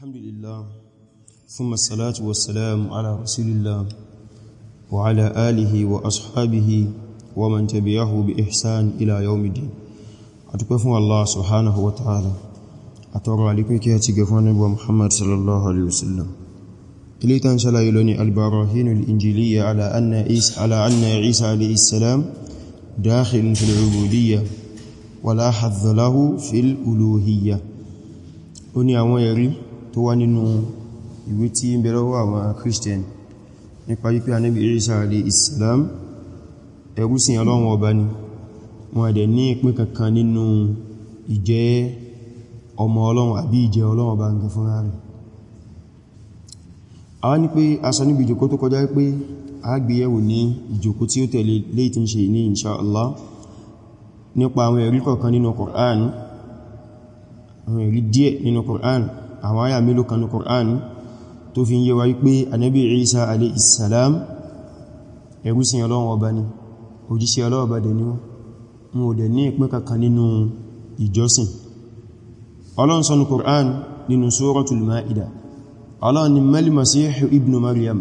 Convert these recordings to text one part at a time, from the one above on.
الحمد لله ثم الصلاة والسلام على رسول الله وعلى آله وأصحابه ومن تبعه بإحسان إلى يوم الدين أتكفوا الله سبحانه وتعالى أترى عليكم كي أتكفوا نبوى محمد صلى الله عليه وسلم إلي تنشل إلوني البراهين الإنجيلية على أن عيسى, على أن عيسى عليه السلام داخل في العبودية ولا حظ له في الألوهية ó ní àwọn ẹ̀rí tó wá nínú ìwé tí ń bẹ lọ́wọ́ àwọn Christian nípa wípé anábi Isa alayhi islam ẹrúsìn Ọlọ́run ọba ni wọ́n ẹ̀dẹ̀ ní ìpín kankan nínú ìjẹ́ ọmọ Ọlọ́run àbí ìjẹ́ Ọlọ́run ọba nǹkan fúnra rẹ̀ a ní pé aṣọ níbi ìjòkó tó kọjá pé a gbéyẹ̀wò ní ìjòkó tí ó tẹ̀lé léyìí tí ń ṣe ní insha nípa àwọn ẹ̀rí kọ̀ọ̀kan nínú Qur'an àwọn ẹ̀rí díẹ̀ nínú Qur'an àwọn ayà mélòó kanú Qur'an tó fi ń yé wa wípé anábì Isa alayhi salam ẹrúsìn ọlọ́run ọba ni òjíṣẹ́ ọlọ́run ọba dẹ̀ ni wọ́n mú ò dẹ̀ ní ìpín kankan nínú ìjọsìn ọlọ́run sọ́nù Qur'an nínú suratul Ma'ida ọlọ́run ni malmasih ibn Maryam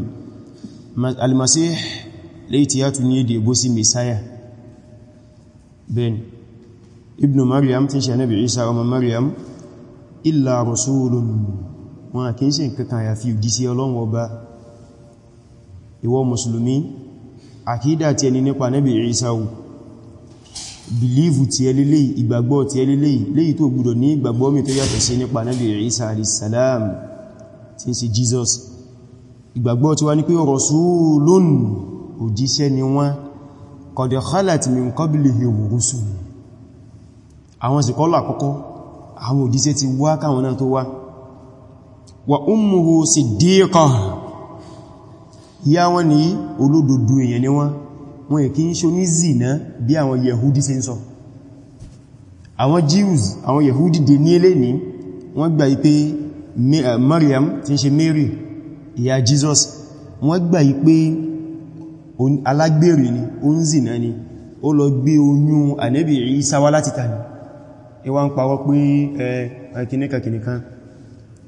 almasih léètì ya tún ní èdè ìbó Isa ọmọ Maryam illa rasulun wọn a kìí ṣe nǹkankan ya fi òjíṣẹ́ Ọlọ́run ọba ìwọ mùsùlùmí àkídà tí ẹni nípa Nábì Ìsáwù bìlífù tí ẹ lélé ìgbàgbọ́ tí ẹ lélé léyìí tó gbọ́dọ̀ ní ìgbàgbọ́ mi tó yàtọ̀ sí nípa Nábì Ìsá alìsàlám tí ń ṣe Jesus ìgbàgbọ́ tí wá ní pé rasulun òjíṣẹ́ ni wọ́n qad khalat min qablihi rusul àwọn sì kọ́lọ̀ àkọ́kọ́ àwọn òdíṣẹ́ ti wá káwọn náà tó wá wa ummuhu siddiqah ìyá wọn ni olódodo èèyàn ni wọ́n wọ́n èkí ń ṣe ní zina bí àwọn yehudi ṣe ń sọ àwọn jews àwọn yehudi dè ní ilé ní wọ́n gbà ipé Maryam eh, tí ń ṣe Mary ìyá Jesus wọ́n gbà ipé alágbèrè ni ó ń zina ni ó lọ gbé oyún ànẹ́bì Ìsá láti tani ìwà ń parọ́ pé ẹ̀kìníkàkìníkan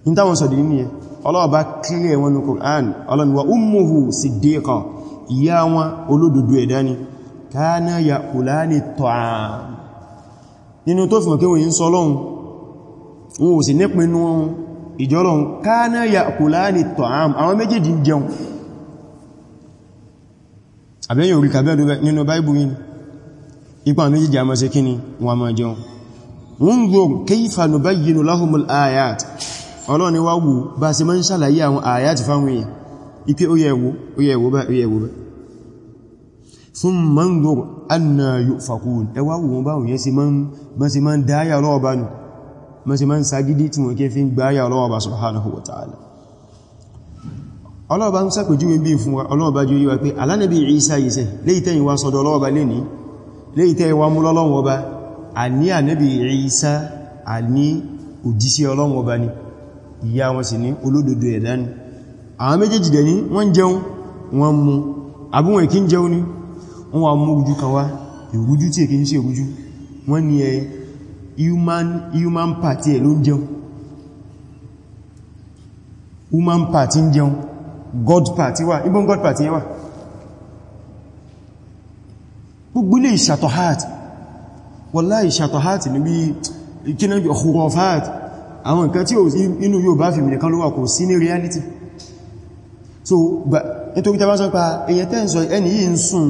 in táwọn sọ̀dì ní ẹ ọlọ́ọ̀bá kílẹ̀ wọn ní Qur'an ọlọ́niwa ummuhu siddiqa ìyá wọn olódodo ẹ̀dá ni kana ya ta'am nínú tó fìmọ̀ kíwòyí ń sọlọ́un wọn ò kana ya'kulani ta'am àwọn méjèèjì jẹun àbẹ́yìn orí kàbẹ́ nínú báìbù yìí ipa méjèèjì a máa wọn máa jẹun unzur kayfa nubayyinu lahum al-ayat ọlọ́ni wá wù bá sí mọ́ ń ṣàlàyé àwọn ayat fáwọn èèyàn ipé ó yẹ̀wò ó yẹ̀wò bá ó yẹ̀wò bá thumma unzur anna yufakun ẹ wá wù wọn báwọn yẹn sí mọ́ ń dáyà lọ́wọ́ bá nù mọ́ sí mọ́ ń sagidi tí wọ́n kí fi ń gbáyà lọ́wọ́ bá subhanahu wa a ní ànábì Ìsá a ní òjíṣẹ́ Ọlọ́run ọba ni ìyá wọn sì ní olódodo ẹ̀dá ni àwọn méjèèjì dẹ̀ ní wọ́n jẹun wọ́n mu abúwọn èkí jẹun ní wọ́n wà mú ojú kan ìrújú tí èkí ń ìrújú wọ́n ní ẹ human party ẹ̀ ló ń jẹun human party ń jẹun god party wà ibon god party yẹn wà gbogbo ilé ìṣàtọ̀ heart wallahi ṣàtọ̀hátì níbi kíná ọ̀húrọ̀fáàtì àwọn nǹkan tí inú yóò bá fi mìnìkan ló wà kò sí ní reality so nítorí tàbá sọ pa èyẹ tẹ́ ń sọ ẹni yìí ń sùn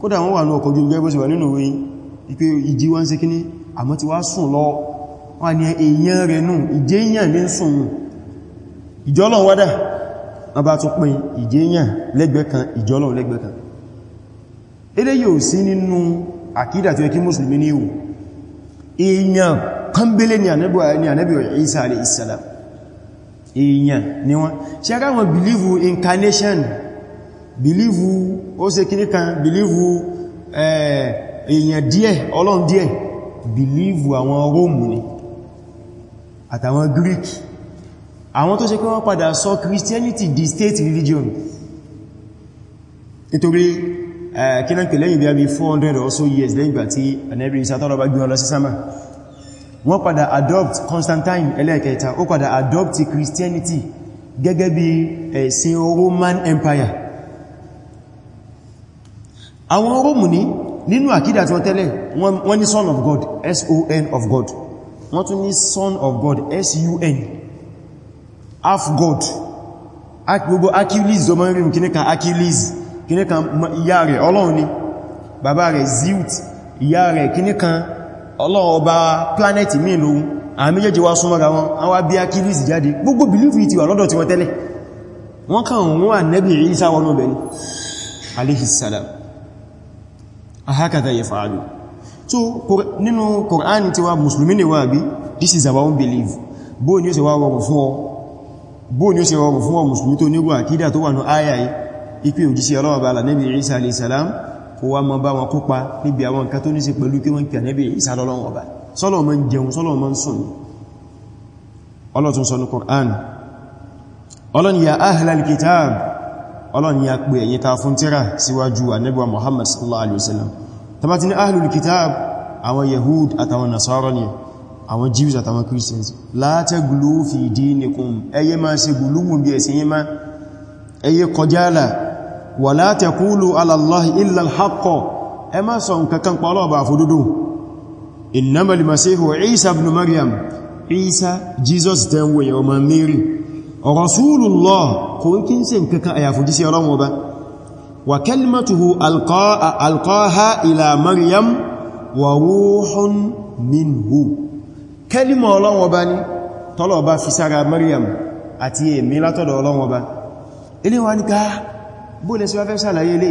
kódà wọ́n wà ní ọkọ̀ jùlọ gẹ́gbẹ́sì wà nínú òwe ipé ìdí wọ́n sí kíní àmọ́ ti wá sùn lọ wà ní èyàn rẹ̀ nù ìjẹ́yàn ní sùn ìjọ́lọ̀ àkídà tí ó kí mùsùlùmí ní ìwò èèyàn kánbélé ni ànábì Ìsá alayhi salam èèyàn ni wọ́n ṣe ara wọn believe incarnation believe ó ṣe kìrí kan believe èèyàn díẹ̀ ọlọ́run díẹ̀ believe àwọn Róòmù ni àtàwọn Greek àwọn tó ṣe pé wọ́n padà sọ Christianity di state religion nítorí Eh, kí náà pè lẹ́yìn bí i 400 or so years lẹ́yìn gbà tí anẹ́bí ìsátọ́lọ́ bá gbé wọn lọ sí sámà wọ́n padà adopt Constantine ẹlẹ́ẹ̀kẹta ó padà adopt Christianity gẹ́gẹ́ bí ẹ̀sìn Roman Empire àwọn Róòmù ní nínú àkídà tí wọ́n tẹ́lẹ̀ wọ́n ní son of God S-O-N of God wọ́n tún ní son of God S-U-N half God gbogbo Achilles ọmọ mẹ́rin kìníkà Achilles kíní kan ìyá rẹ̀ ọlọ́run ni bàbá rẹ̀ zeus ìyá rẹ̀ kíní kan ọlọ́run ọba planeti míì lóhun àwọn méjèèjì wá súnmọ́ra wọn a wá bí akílìsì jáde gbogbo bìlífì ti wà lọ́dọ̀ tí wọ́n tẹ́lẹ̀ wọ́n kàn wọ́n ànábì Ìsá so nínú Kùránì ti wá musulmi ni this is our own belief bóò ni ó ṣe wá rọrùn fún ọ musulmi tó nígbà àkídà tó wà ní ayayi ipe òjíṣẹ́ Ọlọ́run bá Ànábì Isa alayhi salam kó wá mọ́ bá wọn kópa níbi àwọn nǹkan tó ní sí pẹ̀lú pé wọ́n pè Ànábì Isa lọ́lọ́run ọba sọ́lọ̀ mọ́ ń jẹun sọ́lọ̀ mọ́ ń sùn ọlọ́tún sọ ní Qur'an ọlọ́n ya ahlal kitab ọlọ́n ya pè ẹ̀yin ta fún tíra síwájú Ànábì wa Muhammad sallallahu alayhi wa sallam ta bá ti ní ahlul kitab àwọn Yahud Jews àtàwọn Christians la taglu fi ẹyẹ ma ṣe gùlúwùn bí ẹ̀sìn yí ma ẹyẹ kọjálà wala taqulu ala Allahi illa al-haqq ẹ má sọ nǹkan kan pa Ọlọ́run bá fòdodo innamal masihu Isa ibn Maryam Isa Jesus tẹ́ wòye ọmọ Mary Rasulullah kò ń kí ń ṣe nǹkan kan àyàfojú sí Ọlọ́run ọba wa kalimatuhu alqaha ila Maryam wa ilé wa ní káà bóòlẹ̀ sí wá fẹ́ sàlàyé lè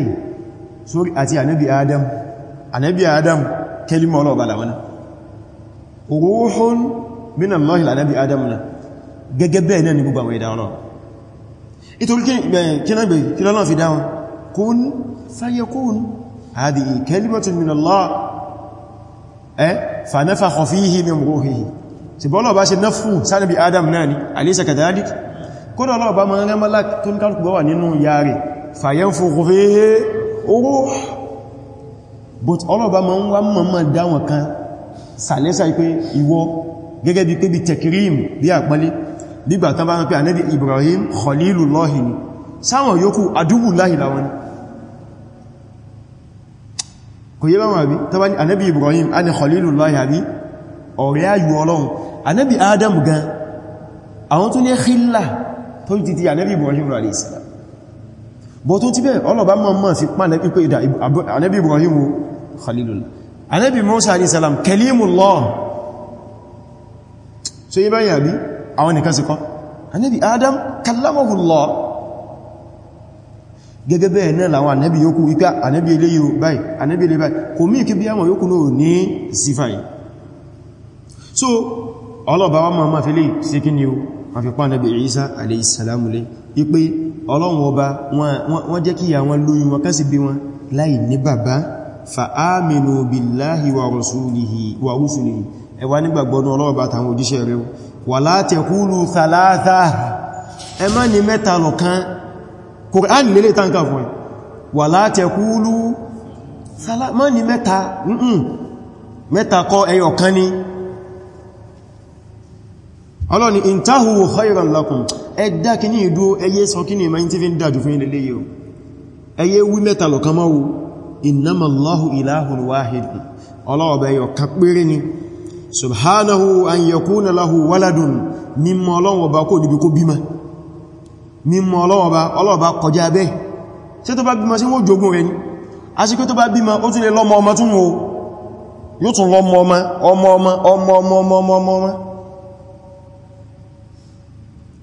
sórí àti ànábì adam ànábì adam kẹlímọ̀ ọlọ́ọ̀bá làwọn ruhun min Allah ànábì adam na gẹ́gẹ́ bẹ́ẹ̀ náà ni gbogbo àwọn ẹ̀dá ọlọ́ ìtorí kí lọ́nà fi dáwọn kún fayakún àdì kẹlímọ̀tún min Allah ẹ fanafakha fihi min ruhihi sì bọ́lọ̀ bá ṣe náfù sánàbí adam náà ni alaysa kadhalik kódọ̀lọ́ bá mọ̀ rán mọ́lá tó ń kálùkù bọ́wà nínú yàrá fàyẹ́nfòkò fèé oró but ọlọ́ọ̀bá ma ń wá mọ̀mọ̀ dáwọn kan sàlẹ́sà pé ìwọ gẹ́gẹ́ bí pé bí tẹ̀kìrìm bí àpálẹ́ nígbà tán bá ń pé ànábì Ibrahim khalilullahi ni sáwọn yòókù adúgbù láhì láwọn ni kò yẹ báwọn àbí Ibrahim a khalilullahi àbí ọ̀rẹ́ ayù ọlọ́run ànábì Adam gan àwọn tó khilla tó ti ti ànábì Ibrahim rà bọ̀ tó ti bẹ́ ọlọ́bá mọ́ mọ́ fi pa nẹ́bí pé ìdá anẹ́bí Ibrahim Khalilullah anẹ́bí Musa alayhi salam kalimullah so yí báyìí àbí àwọn nìkan sí kọ́ anẹ́bí Adam kallamahullah gẹ́gẹ́ bẹ́ẹ̀ náà làwọn anẹ́bí yókù wípé anẹ́bí eléyìí báyìí anẹ́bí eléyìí báyìí kò mí kí bí àwọn yókù náà ní sífàì so ọlọ́bàá wọn máa fi lè sí kí ni o ma fi pa anẹ́bí Isa alayhi salam lè ipé ọlọ́run ọba wọ́n jẹ́ kí àwọn lóyún wọn kásì bí wọn láì ní bàbá fa'aminu billahi wa rasulihi wa rusulihi ẹwà nígbàgbọ́nù ọlọ́ọ̀bá tàwọn òjíṣẹ́ rẹ̀ wà látẹ̀kúlù thalatha ẹ má ní mẹ́ta lọ̀kan kòrán lélẹ̀ tánkà fún ẹ wà látẹ̀kúlù má ní mẹ́ta mẹ́ta kọ́ ẹyọ ẹ̀dá kìíní ìdúó ẹyẹ sọ kí ní ìmọ̀ tí fi ń dájú fún ilẹ̀ yíò ẹyẹ wí mẹ́ta lọ̀kan mọ́wú innamallahu ilahun wahid ni waladun ni ọmọ ọmọ ọmọ ọmọ ọmọ ọmọ ọmọ ọmọ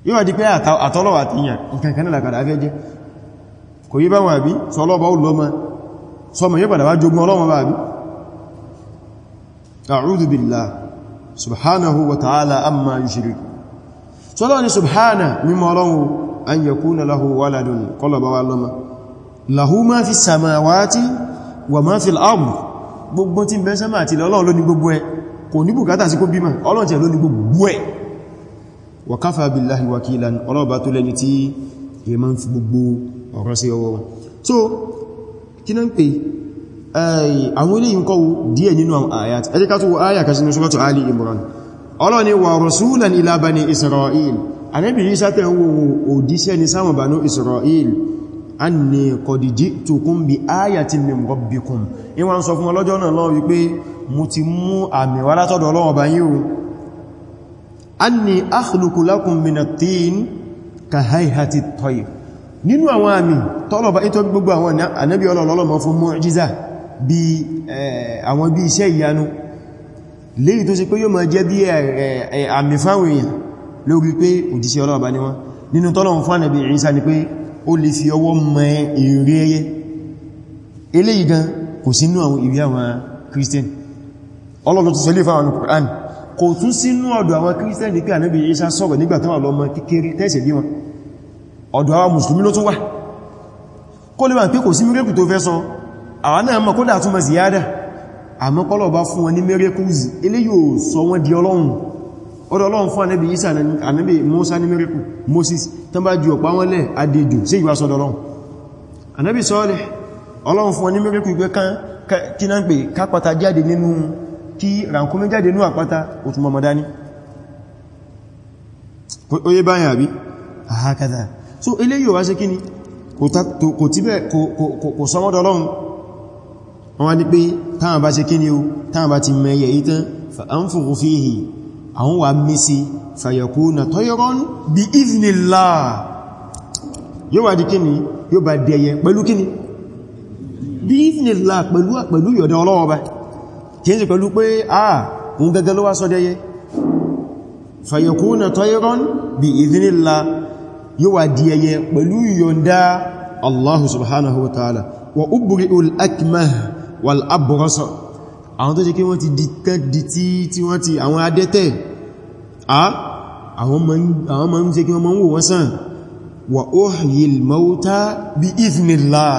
yíò wà di pé àtọ́lọ̀ àtìyàn nǹkankan nílà kàdà afẹ́ jẹ́ kò yí bá wọn àbí sọlọ́bà ó lọ́mọ sọmọ yóò padà wá jogun ọlọ́mọ bá àbí a'udhu billah subhanahu wa ta'ala amma yushriku sọlọ́ ni subhana mímọ̀ ọlọ́run an yakuna lahu waladun kọlọ̀bà wa lọ́mọ lahu ma fi samawati wa ma fi al'abu gbogbo tí bẹ́ sẹ́mà àti lọ́lọ́run wa kafa billahi wakilan ọlọ́ọ̀bá tó lẹ́ni tí yẹ ma ń fi gbogbo ọ̀rọ̀ sí ọwọ́ wọn so kí náà ń pè àwọn ilé yìí kọwú díẹ̀ nínú àwọn ayat ẹjẹ́ ká tó wọ ayà kan sínú suratu Ali Imran Ọlọ́hun ní wa rasulan ila bani Isra'il Ànábì Ìsá tẹ́ wo òdíṣẹ́ ni sáwọn bani Isra'il anni qad ji'tukum bi ayatin min rabbikum ìwọ̀n sọ fún ọlọ́jọ́ náà lọ́wọ́ wípé mo ti mú àmì wá látọ̀dọ̀ Ọlọ́hun bá yíò anni akhluqu lakum min at-tin ka hayhati at-tayr nínú àwọn àmì tolo ba ito gbogbo àwọn ànábì olololo mo fún mu'jiza bí eh àwọn bí iṣẹ́ ìyanu léyìí tó ṣe pé yó ma jẹ́ bí eh àmì fáwọn èyàn lórí pé òjíṣẹ́ Ọlọ́run bá ni wọ́n nínú tolo fún ànábì Isa ni pé ó lè fi ọwọ́ mọ ère ẹyẹ gan kò sínú àwọn ìwé àwọn Christian Ọlọ́run tó ṣe lè fáwọn Qur'an kò tún sínú ọ̀dọ̀ àwọn kírísítẹ́nì pé ànábì Ìsá sọ̀rọ̀ nígbà tán ọlọ́mọ kékeré tẹ́sẹ̀ bí wọn ọ̀dọ̀ àwọn mùsùlùmí ló tún wà kó lè wà pé kò sí mírèkù tó fẹ́ sọ àwọn náà mọ̀ kó dà túnmọ̀ ziyada àmọ́ kọ́lọ̀ bá fún wọn ní miracles ilé yóò sọ wọn di ọlọ́run ọ̀dọ̀ ọlọ́run fún ànábì Ìsá ànábì Mùsá ní miracle Moses tán bá ju ọ̀pá wọn lẹ̀ adéjò sí ìwà sọ́dọ̀ ọlọ́run ànábì Sọ́ọ̀lẹ̀ ọlọ́run fún wọn ní miracle pé kí náà pè kápata jáde nínú kí ràǹkúnmí jáde ní àpáta òtún mọ̀mọ̀dá ní oye báyìí àbí àhákàtà so ilé yóò wá sí kí ni kò tí bẹ́ kò sọmọ́dọ̀ lọ́run wọ́n ní pé táwọn bá ṣe kí ni o táwọn bá ti mẹ́yẹ̀ ìtàn fa'anfukhu fihi àwọn wà mísí ni yóò bá dẹyẹ pẹ̀lú kí ni bi kí n sì pẹ̀lú pé àà ah, òun gẹ́gẹ́ ló wá sọ́dẹ́yẹ fayakuna tayran bi idhnillah yóò wà di ẹyẹ pẹ̀lú yọ̀ǹda Allahu subhanahu wa ta'ala wa ubri'ul akmah wal abrasa àwọn tó ṣe kí wọ́n ti di tí wọ́n ti àwọn adẹ́tẹ̀ àwọn ma ń ṣe kí wọ́n ma ń wò wọ́n sàn wa uhyil mauta bi idhnillah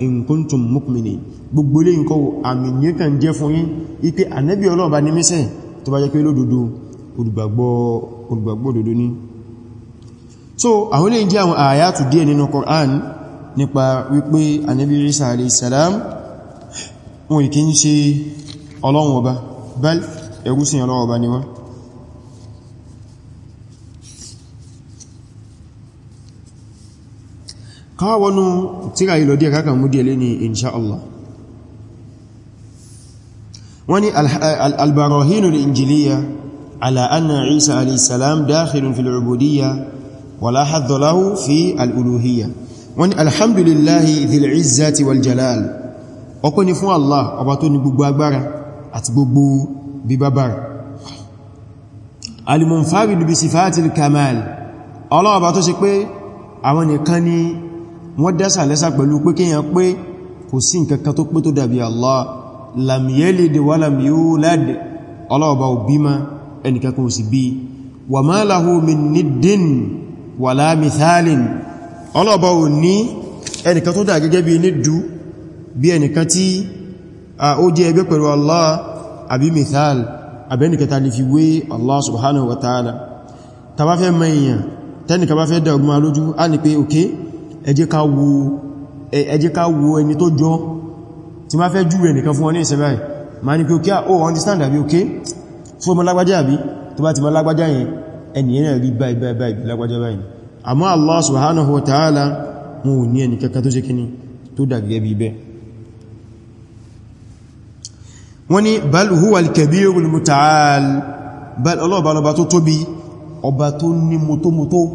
in mukmini, mu'minin gbogbo ilé nǹkan àmì ní kàn jẹ́ fún yín ipé ànẹ́bí Ọlọ́run bá ní mísẹ̀ tó bá jẹ́ pé lódodo olùgbàgbọ́ òdodo ní so àwọn ilé jẹ́ àwọn àyàtù díẹ̀ nínú Qur'an nípa wípé ànẹ́bí Isa alayhi salam wọn ìkí bal ẹrúsìn Ọlọ́run ọba ká wọnú tíra yìí lọ díẹ̀ káàkà mú díẹ̀ lé ní inṣáàlá wọ́n ni albarahinu da injiliya ala anna isa alaihissalam dakhilun fil ubudiyya wala haddalahu fi al'uluhiyya wọ́n ni alhamdulillahi dhil izzati wal jalal ọkọ́ ni fún allah ọba tó ní gbogbo agbára àti gbogbo bíbábára alimunfarid bi sifatil kamal ọlọ́ọ̀bá tó ṣe pé àwọn nìkan ni wọ́n dásà lẹ́sà pẹ̀lú pé kíyàn pé kò sí nǹkankan tó pé tó dàbí Allah lam yalid wa lam yulad ọlọ́ọ̀bá òbí ma ẹnìkankan ò sì bí wa ma lahu min niddin wa la mithalin ọlọ́ọ̀bá ò ní ẹnìkan tó dà gẹ́gẹ́ bí nídú bí ẹnìkan tí ó jẹ́ ẹgbẹ́ pẹ̀lú Allah àbí mithal ẹ jẹ́ ká wo ẹ jẹ́ ká wo ẹni tó jọ tí ma fẹ́ júwẹ̀ nìkan fún wọn ní ìsẹ̀bẹ̀ rẹ̀ ma ní pé okay ah, oh understand àbí okay fún ọmọ lágbàjá àbí tó bá ti ma lágbàjá yẹn ẹni yẹn rí báyìí báyìí lágbàjá báyìí àmọ́ Allah subhanahu wa ta'ala mú ní ẹni kankan tó ṣe kíní tó dàgbẹ́ bí bẹ́ wọ́n ni bal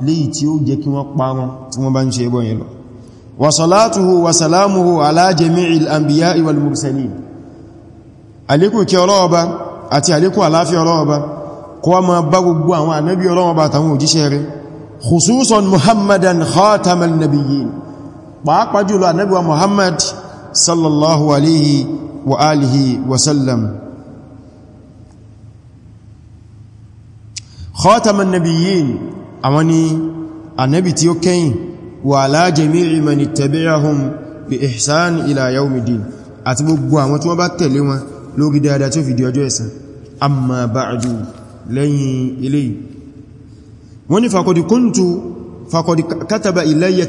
léyìí tí ó jẹ́ kí wọ́n parun tí wọ́n bá ń ṣe ẹbọ yẹn lọ wa salatuhu wa salamuhu ala jami'il anbiya'i wal mursalin àlékún kí ọlọ́ọba àti àlékún àláfíà ọlọ́ọba kó wá máa bá gbogbo àwọn ànábí ọlọ́ọba àtàwọn òjíṣẹ́ àwọn ni ànábì tí ó kẹ́yìn wà ala jami'i man ittabi'ahum bi ihsan ila yawmiddin àti gbogbo àwọn tí wọ́n bá tẹ̀lé wọn lórí dáadáa tí ó fi di ọjọ́ ẹ̀san amma ba'du lẹ́yìn eléyìí wọ́n ní faqad kuntu faqad kataba ilayya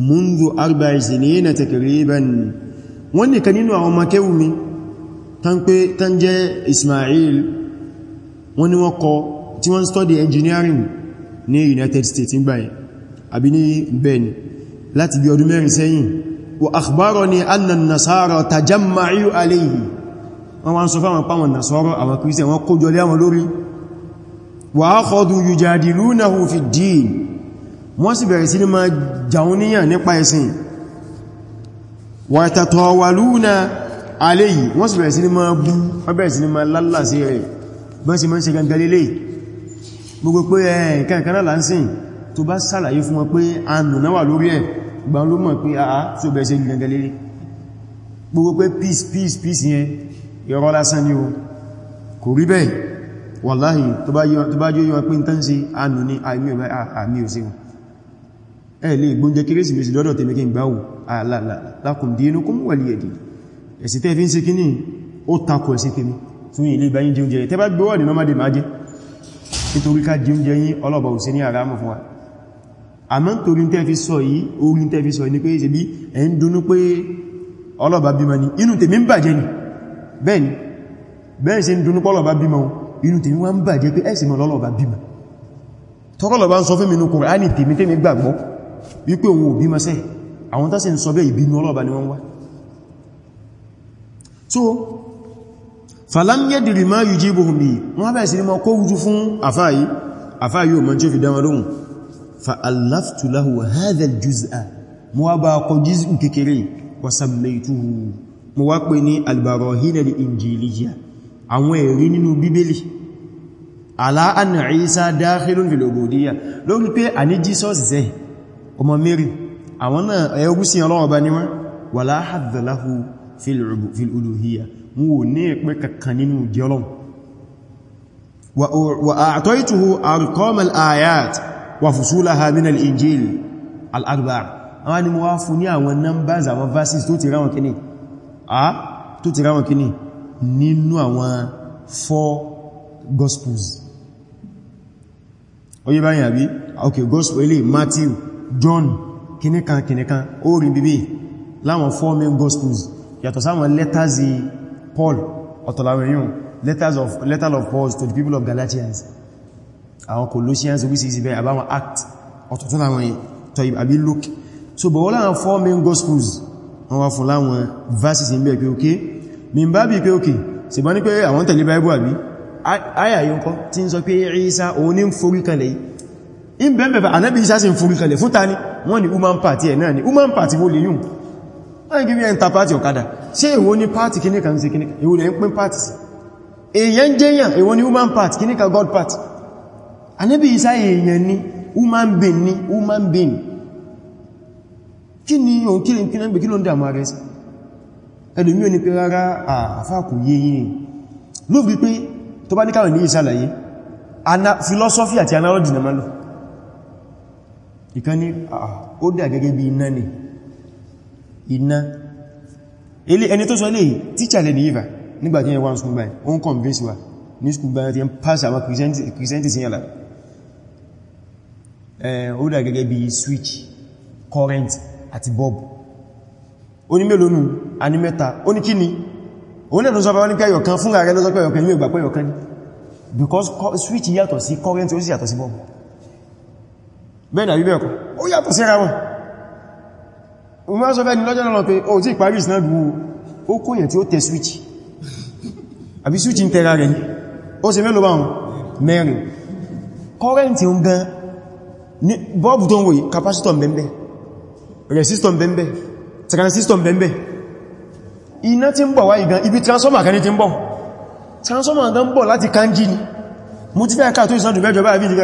منذ أربع سنين تقريبا wọ́n nìkan nínú àwọn makẹ́wù mi tán pé tán jẹ́ Ismail wọ́n ni wọ́n kọ tí wọ́n study engineering ní United States ń gbáyẹ̀ àbí ní Ben láti bí ọdún mẹ́rin sẹ́yìn wa akhbarani anna nasara tajamma'u alayhi wọ́n wá ń sọ fáwọn pàwọn nasara àwọn Christian wọ́n kójọ lé àwọn lórí wa akhadu yujadilunahu fi ddin wọ́n sì bẹ̀rẹ̀ sí ní máa jàun níyàn nípa ẹ̀sìn wàtàtọ̀wàlúna aléyìí wọ́n sì bẹ̀rẹ̀ sí ní máa bú ọbẹ̀rẹ̀ sí ní máa lálà sí rẹ̀ bọ́n sì máa ń ṣe gangalélé gbogbo pé ẹ̀ kankaná lánsìn tó bá sàlàyé fún wọn pé ànùná wà lórí ẹ̀ gbà peace peace peace yẹn irọ́ lásán ni o kò rí bẹ́ẹ̀ wàláhì tó bá jẹ́ yọ pé ń tán sí wọn ẹ lè gbóúnjẹ kérésìmesì lọ́dọ̀ tèmi kí n gbáwò alákùn dínukum waliyadi ẹ̀sì tẹ́ fi ń ṣe kíní ó takò ẹ̀sì tèmi tún ilé ìbáyín jẹ oúnjẹ tẹ́ bá gbé wà ní nọ́màdé máa jẹ́ nítorí ká jẹ oúnjẹ yín ọlọ́bà òsì ní àrámù fún wa àmọ́ torí tẹ́ fi sọ yìí orí tẹ́ fi sọ ní pé ṣebí ẹ̀ ń dunú pé ọlọ́bà bímọ ni inú tèmi ń bàjẹ́ ni bẹ́ẹ̀ ni bẹ́ẹ̀ ṣe ń dunú pọ́lọ̀bà bímọ inú tèmi wá ń bàjẹ́ pé ẹ̀sìn mọ́ lọ́lọ́bà bímọ tọ́kọ̀lọ̀bà ń sọ fún mi nínú Kùránì tèmi tèmi gbàgbọ́ wípé òun òbí masẹ́ àwọn tásí ń sọ bẹ́ ìbínú ọlọ́ọ̀bá ni wọ́n wá so falam yadiri ma yujibuhum bi wọ́n bẹ̀rẹ̀ sí ní mọ́ kó wújú fún àfáàyí àfáàyí o mọ́ tí ó fi dáma lóhun fa allaftu lahu hadha al-juz'a mo wá bá kọ juz'u kékeré wa sammaytuhu mo wá pè ní al jesus zẹ́ ọmọ Mary àwọn náà ẹ̀ẹ́gúsí ọlọ́ọ̀bá ní wọ́n wala hadda lahu fil uluhiyya mú wò ní ẹ̀pẹ́ kankan nínú jẹ́lọ́n wa a'taytuhu arqamal ayat wa fusulaha min al-injil al-arba'a àwọn ni mo wá fún ní àwọn numbers àwọn four gospels ó yé báyìí àbí okay gospel ilé Matthew John kìnìkan kìnìkan ó rí bíbí láwọn four main gospels yàtọ̀ sáwọn letters Paul ọ̀tọ̀láwẹ̀yàn letters of letter of Paul to the people of Galatians àwọn Colossians orísìírísìí bẹ́ẹ̀ àbáwọn act ọ̀tọ̀tún àwọn tọ́yìb àbí Luke so bọ̀ wọ́n láwọn four main gospels wọ́n wá fún láwọn verses ń bẹ̀ pé ok min bá bí pé ok sì bọ́ ní pé àwọn tẹ̀lé Bible àbí ayà tí ń sọ pé Isa òun ní ń forí kalẹ̀ yìí in bẹ̀mẹ̀ bẹ̀ anábi isa sì ń forí kalẹ̀ fún ta ní wọ́n ni human party ẹ̀ náà ni human party wó lè yùn wọ́n gí bí ẹn ta party ọ̀kadà ṣe èwo ni party kíní kan sí kíní kan èwo lẹ́yìn pín party sí èyàn jẹ́yàn èwo ni human party kíní kan god party anábi isa èyàn ni human na máa ìkan ní ó dà gẹ́gẹ́ bí iná ni iná ilé ẹni tó sọ ilé tíṣà lè ní ìfà nígbàtí ẹwà school by on convince wa ní school by ti ń pass àwọn christianity sí yàlá ó dà gẹ́gẹ́ bí switch current àti bulb ó ní mélòó nù a ní mẹ́ta ó ní kíni òun náà ló sọ pé wọ́n ní pẹ́yọ̀ kan fún ààrẹ lọ́sọ́pẹ́yọ̀ kan ní ìgbà pẹ́yọ̀ kan because switch yàtọ̀ sí current ó sì yàtọ̀ sí bulb bẹ́ẹ̀nà bí bẹ́ẹ̀kọ́ ó yàtọ̀ síra wọn o máa sọ bẹ́ẹ̀ni lọ́jọ́ lọ́nà o tí Paris náà gbú ó kóyẹ̀ tí ó tẹ switch àbí switch ń tẹ́ra rẹ̀ ó mẹ́rin kọ́rẹ́ntì ń gan ní bọ́ọ̀bù tó ń wòye capacitor bẹ́ẹ̀bẹ́ resistor bẹ́ẹ̀bẹ́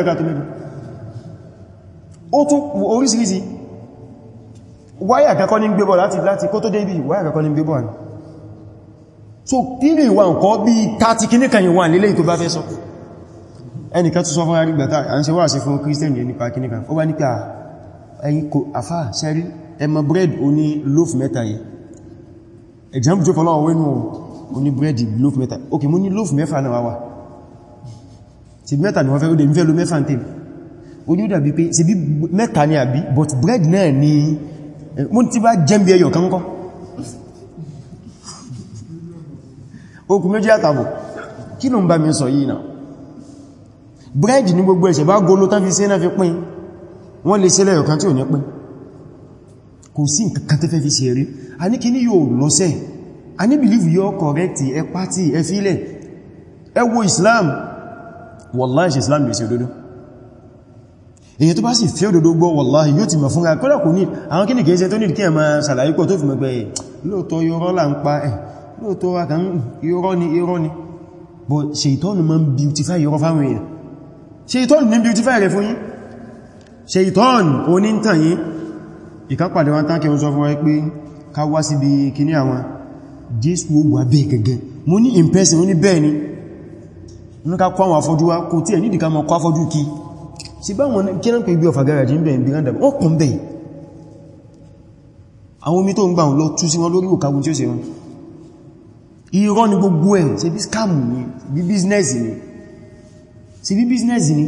ibi ó tún orísìírísìí wáyà kankan ní gbébọ̀ láti láti kó tó dé ibi wáyà kankan ní gbébọ̀ ní so tíri ìwà nǹkan bí tàti kíní kan ìwà nílé ìtò bá fẹ́ sọ ẹnìkan tó sọ fún àrí gbàtà à ń ṣe wáàsí fún kírísítẹ̀nì nípa kíní kan ó bá nípa ẹ̀yìn kò loaf mẹ́ta example tó fọ́lọ́wọ́ wẹ́nu oní bread loaf mẹ́ta ok mo ní loaf mẹ́fà náà wà tí mẹ́ta ni wọ́n fẹ́ ó dẹ̀ ń fẹ́ oní dàbí pé ṣe bí mẹ́ta ní àbí but bread náà ni mú tí bá jẹ́ bí ẹyọ kankọ́ okùn méjì àtàbọ̀ kí ló ń bá mi sọ yìí náà bread ní gbogbo ẹ̀ṣẹ̀ bá golo tán fi ṣe náà fi pín wọ́n lè ṣe lẹ́yọ kan tí ò ní pín kò sí nǹkan tẹ́fẹ́ fi ṣe rí a ní kí ní yóò lọ́sẹ̀ a ní believe yóò correct ẹ pátì ẹ fílẹ̀ ẹ wo Islam wallahi Islam lè ṣe òdodo èyí tó bá sì fẹ́ òdòdó gbọ́ wàláhì yóò ti mọ̀ fúnra kọ́lá kò ní àwọn kíni kìí ṣe tó ní kí ẹ ma ṣàlàyé pọ̀ tó fi mẹ́gbẹ̀ ẹ̀ eh, lóòtọ́ yọrọ là ń pa ẹ̀ eh, lóòtọ́ wa kàn yọrọ ni yọrọ ni bọ̀ ṣètọ́nù ma ń beautify yọrọ fáwọn èèyàn ṣètọ́nù ní beautify rẹ̀ fún yín ṣètọ́nù onítàn yín ìkápàdé wa tán kí wọ́n sọ fún wa pé ká wá síbi kíní àwọn jésù wà bẹ́ẹ̀ gẹ́gẹ́ mo ní in person ni inú ká kọ́ àwọn sí bá wọn kí náà pè bí ọfà gáràjì ń bẹ̀rẹ̀ ìbìrán wọ́n kùn bẹ̀ àwọn omi tó ń gbà wọn lọ tú sí wọn lórí òkàgùn tí ó ṣe wọn irọ́ ni gbogbo ẹ̀ ṣe bí scam ni bí business ni ṣe bí business ni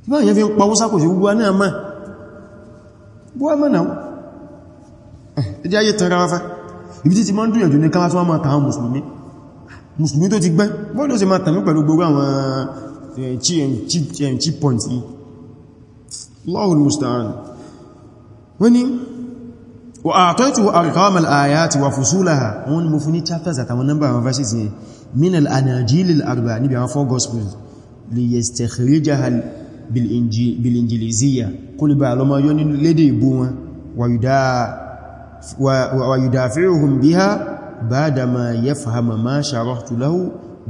tí bá yẹn fi ń pawó sákò sí gbogbo náà mọ́ bó wá mọ́ náà ẹjẹ́ ayé tan máa gbogbo cheap point yìí e. lọ́wọ́n musta'an wani wa àtọ́tù arkam al'ayati wa fusulaha wọn mú fún ní chapters àtàwọn number of verses yẹn min al'anajil al'arba níbi àwọn four gospels lè yastakhrijaha bil'injiliziya kúlùbà alọ́mọ yóò nínú lédè ìbú wọn wa yudafi'uhum biha ba'da ma yafhama ma sharahtu lahu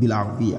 bil'arabiyya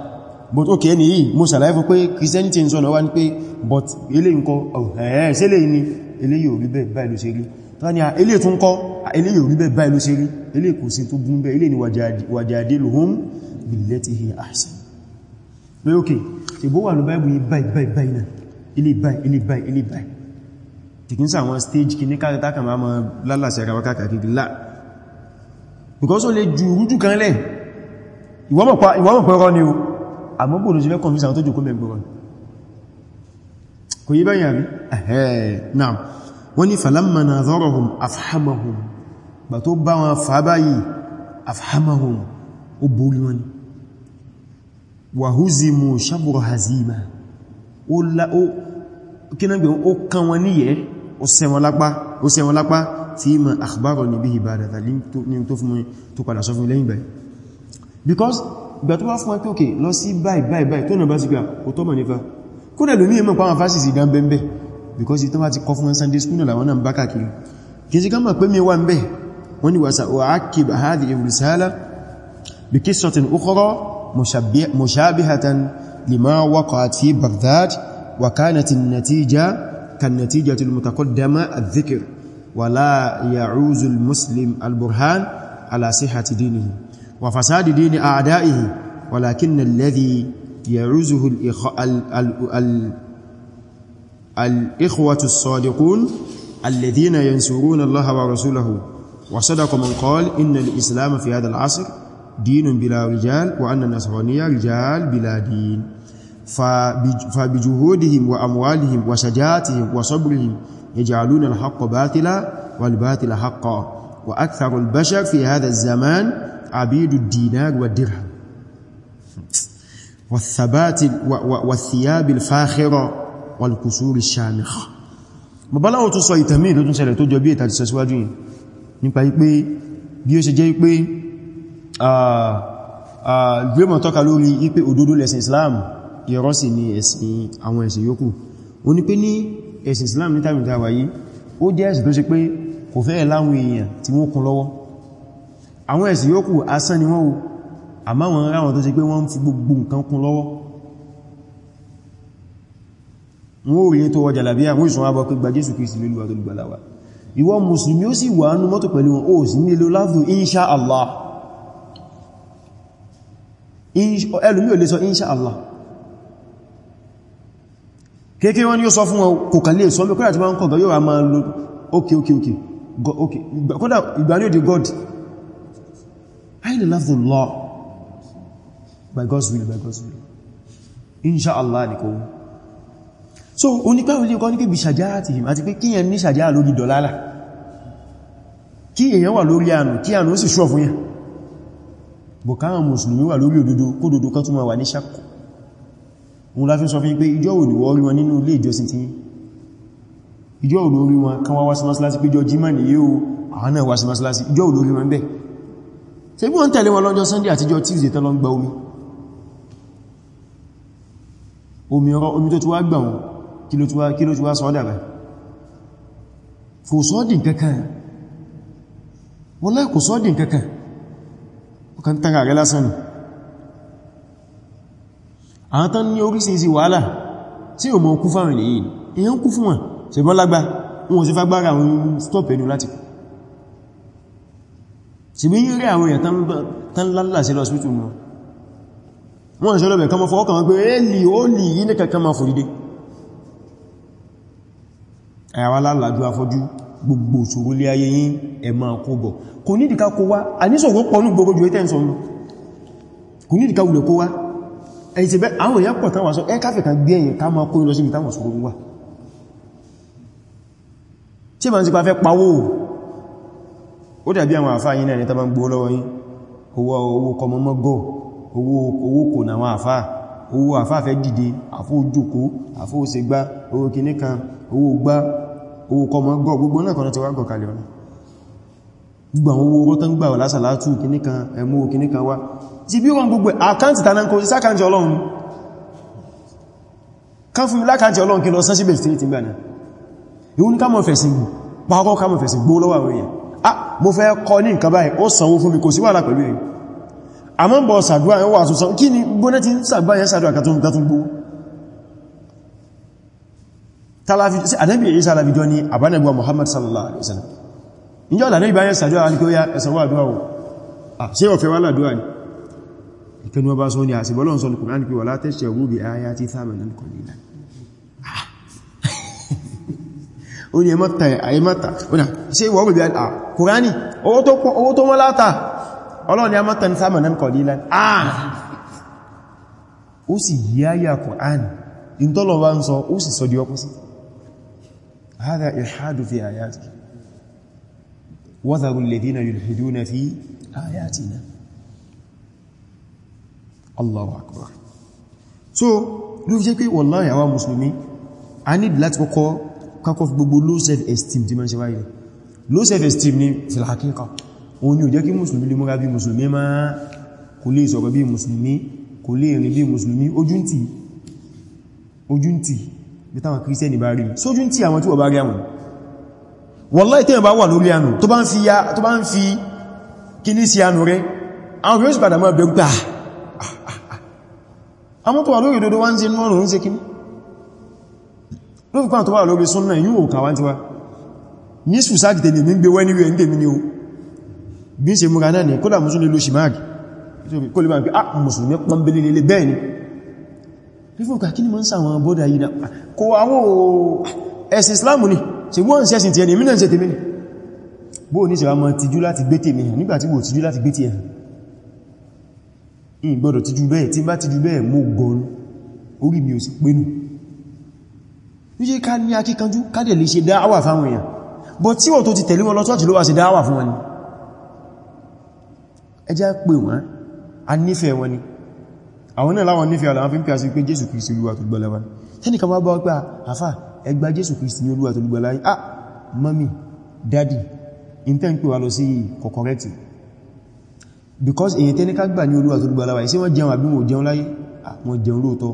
but ok ẹni yìí mo ṣàlàyé fún pé christianity ń sọ́nà wá ní pé but ilé ǹkọ́ ẹ̀ẹ́ sí ilé ní ilé yóò rí bẹ́ẹ̀ báyìí ló ṣe rí tání à ilé tún kọ́ ilé ah, yóò rí bẹ́ẹ̀ báyìí ló ṣe rí ilé kò sí tó gún bẹ́ẹ̀ ilé ni wajadiluhum billati hiya ahsan pé ok tí bó wà ní báyìí báyìí báyìí báyìí náà ilé báyìí ilé báyìí ilé báyìí tìkín sí stage kìíní káàkiri tákà máa máa lálàsẹ̀ ara because ó lè ju rújú kan lẹ̀ ìwọ́mọ̀pọ̀ ẹ̀rọ ni o àmọ́bò ló ti fẹ́ kọ̀nfíṣà tó jù kó mẹ́gbọ́n kò yí báyìí àrí ẹ̀hẹ́ náà wọ́n ni falamma nadharahum afhamahum bà tó bá wọn fà báyìí afhamahum ó borí wọn ni wa huzimu shabura hazima ó kínagbẹ̀ ó kan wọn níyẹ́ ó sẹ́wọn lápá tí ma because ìgbà tó bá fún pé òkè lọ sí báyìí báyìí báyìí tó nà bá sí pé kò tọ́mọ̀ nífà kó dẹ̀ lómí ìmọ̀ pàwọn fásitì gan bẹ́m̀bẹ̀ because ìtọ́ bá ti kọ fún Sunday school làwọn náà bá kàkiri kì í sí gánmà pé mi wà ń bẹ̀ wọ́n ni wà sa òákì bá hádì ìrùsálà bí kí sọ̀tìn ukọrọ mushabihatan lima waqa'ati Baghdad wa وفساد دين أعدائه ولكن الذي يعزه الإخ... ال... ال... ال... الإخوة الصادقون الذين ينصرون الله ورسوله وصدق من قال إن الإسلام في هذا العصر دين بلا رجال وأن النصرانية رجال بلا دين فبجهودهم وأموالهم وشجاعتهم وصبرهم يجعلون الحق باطلا والباطل حقا وأكثر البشر في هذا الزمان عبيد الدينار والدرهم والثبات والثياب الفاخرة والكسور الشامخة bàbá láwọn tó sọ ìtàmí ìlú tún ṣẹlẹ̀ tó jọ bí ètà ti sẹ́síwájú yìí nípa pé bí ó ṣe jẹ́ pé gbémọ̀ tọ́ka lórí ipé òdodo lẹ́sìn Islam irọ́ sì ni ẹ̀sìn àwọn ẹ̀sìn yòókù o ní pé ní ẹ̀sìn Islam ní tàbí tàwà yìí ó jẹ́ ẹ̀sìn tó ṣe pé kò fẹ́ láwọn èèyàn tí wọ́n kún lọ́wọ́ àwọn ẹ̀sìn yókù asán ni wọ́n wo àmá wọn ráwọn tó ṣe pé wọ́n ń fi gbogbo nǹkan kún lọ́wọ́ wọ́n ò rí tó wọ jàlàbíyà wọ́n ìṣùn àbọ̀ pé gba Jésù Kristi lólúwa tó lùgbàlà wa ìwọ mùsùlùmí ó sì wà nú mọ́tò pẹ̀lú wọn ó sì nílò láàfù insha Allah ẹlùmí ò lè sọ insha Allah kéèkéé wọ́n ni ó sọ fún wọn kò kà lè sọ lókúrà tí wọ́n ń kọ̀gọ́ yóò a máa lo okay okay okay kódà ìgbà ní òdí God I love the law by God's will by God's will inshallah ni ko so onípẹ́ olè kọ́ ní pé bí shajaatihim àti pé kíyàn ní ṣàjá lórí lori kí èyàn wà lórí ànù kí ànù ó sì ṣọ́ fún yàn bọ̀ káwọn mùsùlùmí wà lórí òdodo kó dodo kan tún ma wà ní ṣàkọ̀ òun láfí sọ fún pé ìjọ́ òní wọ́n rí wọn nínú ilé ìjọsìn tí ìjọ́ òní wọn kan wá wá sí mọ́sálásí pé jọ jímọ̀ nìyí o àwọn náà wá sí mọ́sálásí ìjọ́ òní ṣe bí wọ́n tẹ̀lé wọn lọ́jọ́ sunday àtijọ́ tuesday tẹ́lọ ń gba omi omi ọ̀rọ̀ omi tó ti wá gbà wọn kí ló ti wá sọ́ọ́dà rẹ̀ kò sọ́ọ́dìn kankan wọ́n láì kò sọ́ọ́dìn kankan ọkàn tán rẹ̀ lásán ni àwọn tán ní orísìírísìí wàhálà tí o mọ̀ kú fáwọn ènìyàn èyàn kú fún wọn ṣe bọ́n lágbà wọn ò sí stop ẹnu sì bí yí rí àwọn èèyàn tán lálà sí lọ síwítù mú wọ́n ṣe lọ́bẹ̀ kọmọ fọ́ọ́kàn wọ́n pé èlì ó lì yí ní kankan ma fòdìdé àyàwà lálàájú afọ́jú gbogbo ṣòro lé ayé yí ẹ̀mà kó bọ̀ kò ní ìdíká kó wá a ní ṣòro pọ̀ ní gbogbo ju ẹ̀tẹ́ ìsọ̀nà kò ní ìdíká wùlẹ̀ kó wá ẹ̀yìn ti bẹ́ àwọn èèyàn pọ̀ táwọn sọ ẹ káfẹ́ kan gbé ẹ̀yìn ká máa kó lọ sí ibi táwọn ṣòro wà tí ma ń ti pa fẹ́ ó dàbí àwọn àfáà yìí náà ní tàbí gbó lọ́wọ́ yìí owó owó kọmọ mọ́gọ́ owó kò náà àwọn àfáà owó àfáà fẹ́ dìde àfóòjòkó àfóòsègbá owó kìíní kan owó gbá owó kọmọ gọ́ gbogbo náà kan ti wá gọ̀ kalẹ̀ ọ̀nà gbogbo àwọn owó oró tó ń gbà wà lásàlátù kìíní kan ẹmú kìíní kan wá ti mo fẹ́ kọ ní nǹkan báyìí ó sanwó fún mi kò sí wàhálà pẹ̀lú èyí àmọ́ bọ̀ sàdúrà ẹwà àtúnsàn kí ni gbóná ti ń sàgbà yẹn sàdúrà kàtún gàtún gbó ànábì Ìsá alábìjọ ni àbánàbíwa Muhammad sallallahu alaihi wasallam ìjọ́ ànábì bá yẹn sàdúrà alìkóyá ẹ̀sànwó àdúrà wò ṣe ọ̀fẹ́ wà ládúrà ni ìkẹnu ọba sọ ni àṣìbọ́lọ́nsọ́ ni kùnrin wà látẹ́ṣẹ̀ rúbi ayá tí thamanan qalila ó ní ẹmọ́ta àìmọ́ta ọ̀nà ṣe ìwọ̀ òbìbí àà kùránì owó tó wọ́n láta ọlọ́ni àmọ́ta ní sáàmà náà kọ̀dílá àà ó sì yáyà kùránì ìntọ́lọ̀wà ń sọ ó sì sọ di ọkú sí hādhā ilhādu fī āyātinā wadharū alladhīna yulhidūna so ló fi jẹ́ pé wallahi àwa mùsùlùmí a ní láti kọ́kọ́ kakọ́ fi gbogbo low self-esteem tí ma ń ṣe wáyé low self-esteem ni filhakika òun ni ò jẹ́ kí musulmi lè múra bí musulmi ma kò lè sọ̀rọ̀ bí musulmi kò lè rìn bí musulmi ojúntì ojúntì bí táwọn kírísẹ́nì bá rí sójúntì àwọn tí wọ́n bá rí àwọn wallahi tẹ́yìn bá wà lórí ànù tó bá ń fi kíní sí ànù rẹ àwọn yóò sì padà mọ́ ẹgbẹ̀gbà ah, ah, ah, àwọn tó wà lórí òdodo wá ń ṣe mọ́rùn-ún ṣe kíní ló fi pàtàkì wà lórí súnnà yíò ò kàwà tí wá ní sùsáàkì tèmi mi gbé wẹ́ níwẹ̀ ní tèmi ni o bí ṣe múra náà ni kódà mùsùlùmí ló ṣì máàgì kó lè máa pé ah mùsùlùmí pọ́nbélé lè bẹ́ẹ̀ ni rífún kà kí ni mọ́ ń sàwọn bọ́dà yìí náà ni ṣe wọ́n ṣe ẹ̀sìn ni bó ní ṣe wá mọ́ tijú láti gbé tèmi hàn nígbàtí wò tijú láti orí mi ò sì pénù yíye ká ní akíkanjú kádẹ̀ lè ṣe dáwà fáwọn èèyàn bọ̀ tí wọ́n tó ti tẹ̀lé wọn lọ ṣọ́ọ̀ṣì ló wá ṣe dáwà fún wọn ni ẹjá pè wọ́n a nífẹ̀ẹ́ wọn ni àwọn náà láwọn nífẹ̀ẹ́ àwọn fífẹ́ àti pé Jésù Kristi olúwa tó gbọ́lá wọn tẹ́nìkan wá bá pé àfà ẹ gba Jésù Kristi ní olúwa tó gbọ́lá yìí ah mọ́mí dádì in tẹ́ ń pè wá lọ sí kọ̀kọ̀rẹ́tì because èyí tẹ́nìkan gbà ní olúwa tó gbọ́lá wáyé sí wọ́n jẹun àbí wọ́n jẹun láyé ah, wọ́n jẹun lóòtọ́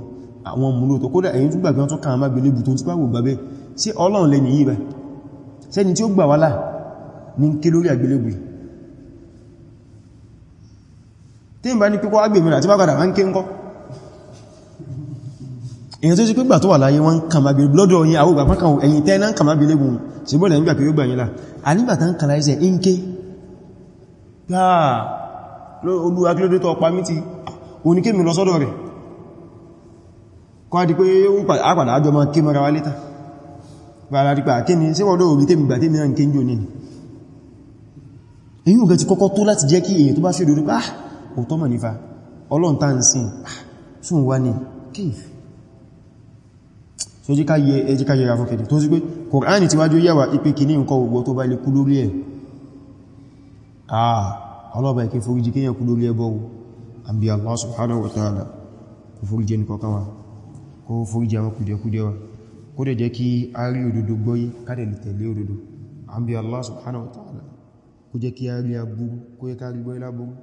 àwọn múlò tó kódà èyí tó gbàgbé wọn tó kàrán má gbélébù tó ń túpá wò gbàgbé sí ọlọ́run lẹ́ni yìí bẹ̀ sẹ́ni tí ó gbà wálà ní ké lórí àgbélébù tí ń bá ní pípọ́ agbèmì àti bákàdà wọ́n ké ń kọ́ èyí tó sì pé gbà tó wà láyé wọ́n kàmà gbélébù lọ́dọ̀ yìí àwọn ìgbàpá kan ẹ̀yìn tẹ́ náà kàmà gbélébù sí bọ́ọ̀lẹ̀ nígbà a nígbà tán kàlà ẹsẹ̀ ń ké gbáà olúwa kí ló dé tọ́ pa mí ti oníkémi lọ sọ́dọ̀ rẹ̀ kọ́ di pé àpàdà àjọ ma kí mọ́ra wá létà bàrà rí pà kí ni sí wọ́n lóòrí tèmi gbà tèmi náà kí ń jò nínú èyí ògẹ́ ti kọ́kọ́ tó láti jẹ́ kí èyí tó bá ṣe dorí pàá ah, òtọ́ mọ̀ nífà ọlọ́ntánsin sún ah, wá ní kí so jí ká yẹ ẹjí ká yẹra fún kẹ̀dì tó sí pé Kùránì ti wájú yẹwà ipé kì ní nǹkan ogbò tó bá lè kú lórí ah, Allah subhanahu wa ta'ala kò fòrí jẹ́ kó foríjì àwọn kùdẹ̀kùdẹ̀ wa kó dẹ̀ jẹ́ kí a rí òdodo gbọ́yí kádẹ̀ lè tẹ̀lé òdodo an bí Allah subhanahu wa ta'ala kó jẹ́ kí a rí agbúrú kó yẹ ká rí gbọ́yí lábúrú